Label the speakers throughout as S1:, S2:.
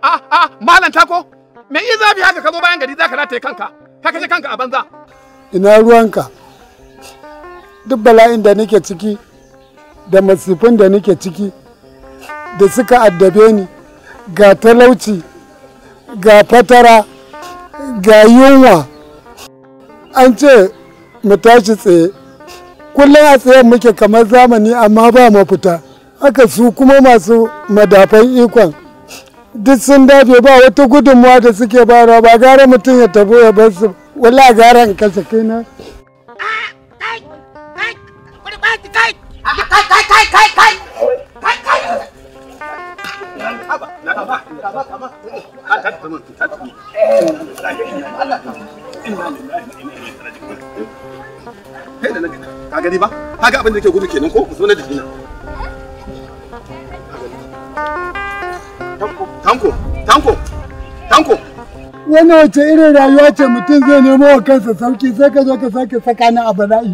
S1: Ah, ah, malam tako, me yi zafi haka ka bayan gari za ka rataye kanka, ka kashe kanka a banza. Ina ruwanka, duk bala'in da nake ciki, da masifin da nake ciki, da suka addabe ni, ga talauci, ga fatara, ga yunwa. An ce mu tashi tsaye, kullum a tsaye muke kamar zamani amma ba mafita, haka su kuma masu madafan ikon. duk sun dafe ba wata gudunmuwa da suke bayarwa ba gara mutum ya tafi ya bar su wala gara in kashe kai na
S2: Kai da gani ba, ka ga abin da ke gudu kenan ko? zo na jikina.
S1: Tanko, tanko, tanko. Wani wace irin rayuwa ce mutum zai nemo wa kansa sauki sai ka zo ka sake saka ni a bala'i.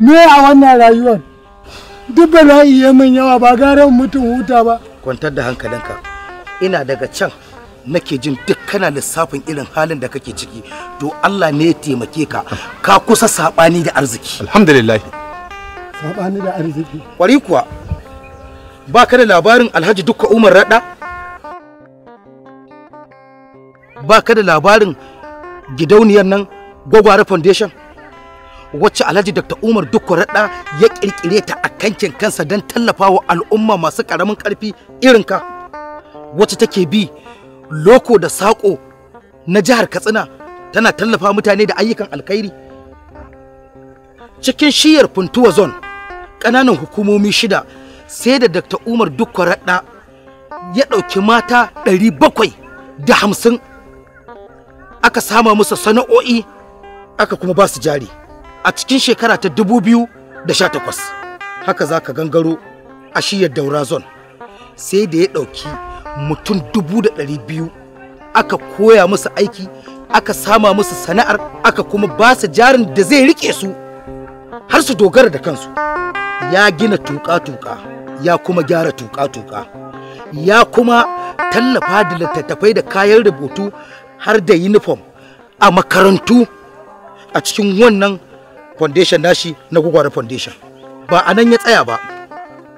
S1: Me a wannan rayuwar? Duk bala'i ya min yawa ba gara mutum huta ba.
S2: Kwantar da hankalinka.
S1: Ina daga can
S2: nake jin duk kana lissafin irin halin da kake ciki to Allah ne ya taimake ka ka kusa sabani da arziki alhamdulillah
S1: sabani da arziki
S2: kwari kuwa ba ka da labarin Alhaji Dukka Umar Rada ba ka da labarin gidauniyar nan gwagware foundation wacce alhaji dr umar dukkuraɗa ya kirkire ta a kankin kansa don tallafa al'umma masu ƙaramin ƙarfi ka. wacce take bi loko da saƙo na jihar katsina tana tallafa mutane da ayyukan alkhairi cikin shiyar funtuwa zone ƙananan hukumomi shida sai da dr umar dukkuraɗa ya ɗauki mata 750 aka sama musu sana'o'i aka kuma ba su jari a cikin shekara ta 2018 haka za ka gangaro a shiyar daura zone sai da ya ɗauki mutum 200,000 aka koya musu aiki aka sama musu sana'ar aka kuma ba su jarin da zai rike su har su dogara da kansu ya gina tuka-tuka ya kuma gyara tuka-tuka ya kuma tallafa da littattafai da kayan rubutu har da uniform a makarantu a cikin wannan foundation nashi na gugwara foundation ba a nan ya tsaya ba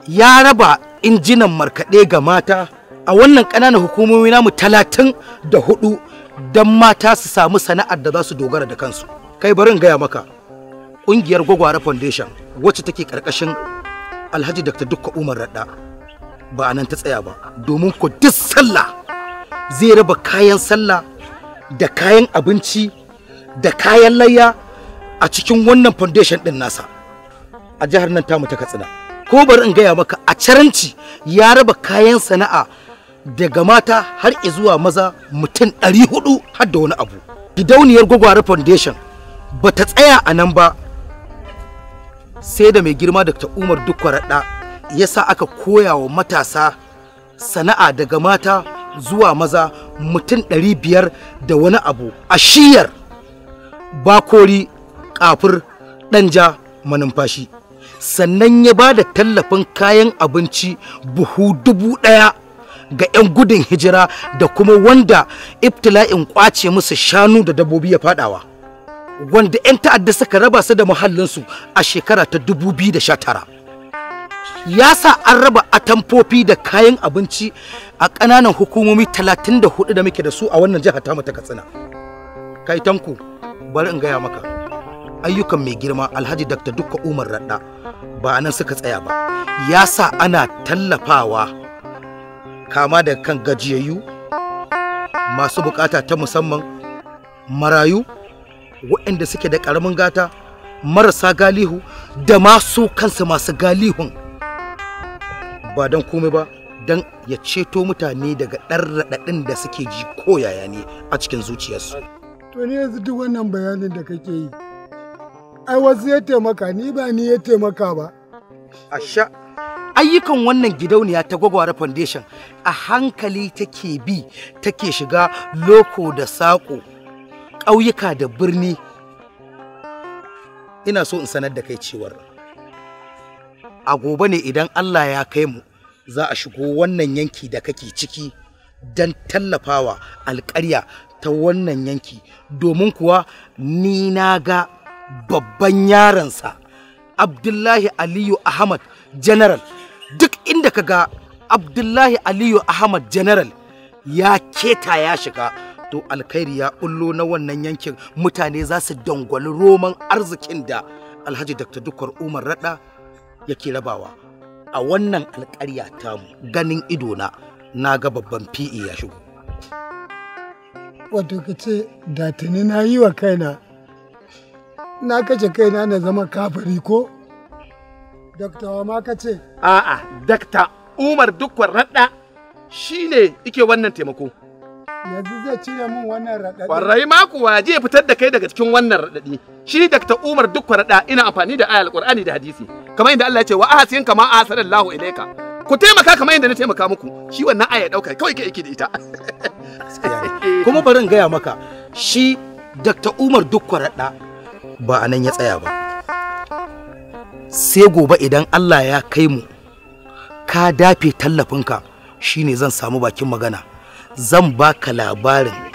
S2: ya raba injinan markaɗe ga mata a wannan ƙananan hukumomi namu talatin da hudu don mata su samu sana'ar da za su dogara da kansu kai barin gaya maka ƙungiyar gwagwara foundation wacce take ƙarƙashin alhaji dr dukka umar radda ba a nan ta tsaya ba domin ku duk sallah zai raba kayan sallah da kayan abinci da kayan layya a cikin wannan foundation din nasa a jihar nan tamu ta katsina ko bari in gaya maka a caranci ya raba kayan sana'a daga mata har zuwa maza mutum 400 har da wani abu gidauniyar gwagware foundation ba ta tsaya a nan ba sai da mai girma dr umar dukkwararda ya sa aka koya wa matasa sana'a daga mata zuwa maza mutum ɗari biyar da wani abu a shiyar bakori kafir ɗanja manumfashi sannan ya ba da tallafin kayan abinci buhu dubu ɗaya ga 'yan gudun hijira da kuma wanda iftila'in kwace musu shanu da dabbobi ya fadawa wanda 'yan ta'adda suka raba su da muhallinsu a shekara ta 2019 ya sa an raba atamfofi da kayan abinci a ƙananan hukumomi 34 da muke da su a wannan jihar tamu ta katsina kai tanku bari in gaya maka ayyukan mai girma alhaji dr dukka umar radda ba nan suka tsaya ba ya sa ana tallafawa kama da kan gajiyayyu masu bukata ta musamman marayu waɗanda suke da ƙaramin gata marasa galihu da masu kansa masu galihun ba don komai ba don ya ceto mutane daga ɗan raɗaɗin da suke ji ko yaya ne a cikin zuciyarsu.
S1: To ne yanzu duk wannan bayanin da kake yi. Ai wasu ya taimaka ni ba ni ya taimaka ba.
S2: Asha ayyukan wannan gidauniya ta Gwagware foundation a hankali take bi take shiga loko da saƙo ƙauyuka da birni ina so in sanar da kai cewar a gobe ne idan Allah ya kai mu za a shigo wannan yanki da kake ciki don tallafawa alƙarya ta wannan yanki domin kuwa ni na ga babban yaransa abdullahi aliyu ahmad general duk inda ka ga abdullahi aliyu ahmad general ya keta ya shiga to alkhairi ya ullo na wannan yankin mutane za su dangwali roman arzikin da alhaji dr dukwar umar rada yake rabawa a wannan alƙarya tamu ganin idona na ga babban fi'i e ya shigo
S1: wato ka ce da na yi wa kaina na kace kaina na zama kafari ko dakta ma ka ce
S2: a'a dakta umar dukkan raɗa ne ike wannan taimako
S1: yanzu zai cire min wannan raɗaɗi. Ƙwarai
S2: ma waje fitar da kai daga cikin wannan raɗaɗi. Shi dakta Umar duk raɗa ina amfani da ayar Ƙur'ani da hadisi. kamar yadda Allah ya ce wa ahsin kama ahsanallahu ilayka ku taimaka kamar yadda na taimaka muku shi wannan aya dauka kawai ke yake da ita kuma barin gaya maka shi Dr. Umar dukkwaraɗa ba a nan ya tsaya ba sai gobe idan Allah ya kai mu ka dafe tallafinka shine zan samu bakin magana zan baka labarin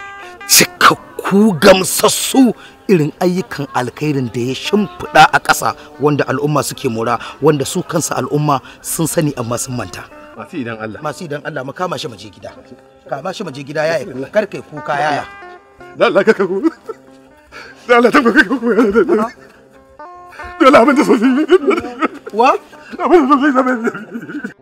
S2: ku gamsassu irin ayyukan alkhairin da ya shimfiɗa a ƙasa wanda al'umma suke mora wanda su kansa al'umma sun sani amma sun manta masu idan Allah masu idan Allah makama shi maje gida kama shi maje gida yaya kar kai kuka yaya Allah ka ku Allah ta kuka ku dole abin da sosai wa abin da
S1: sosai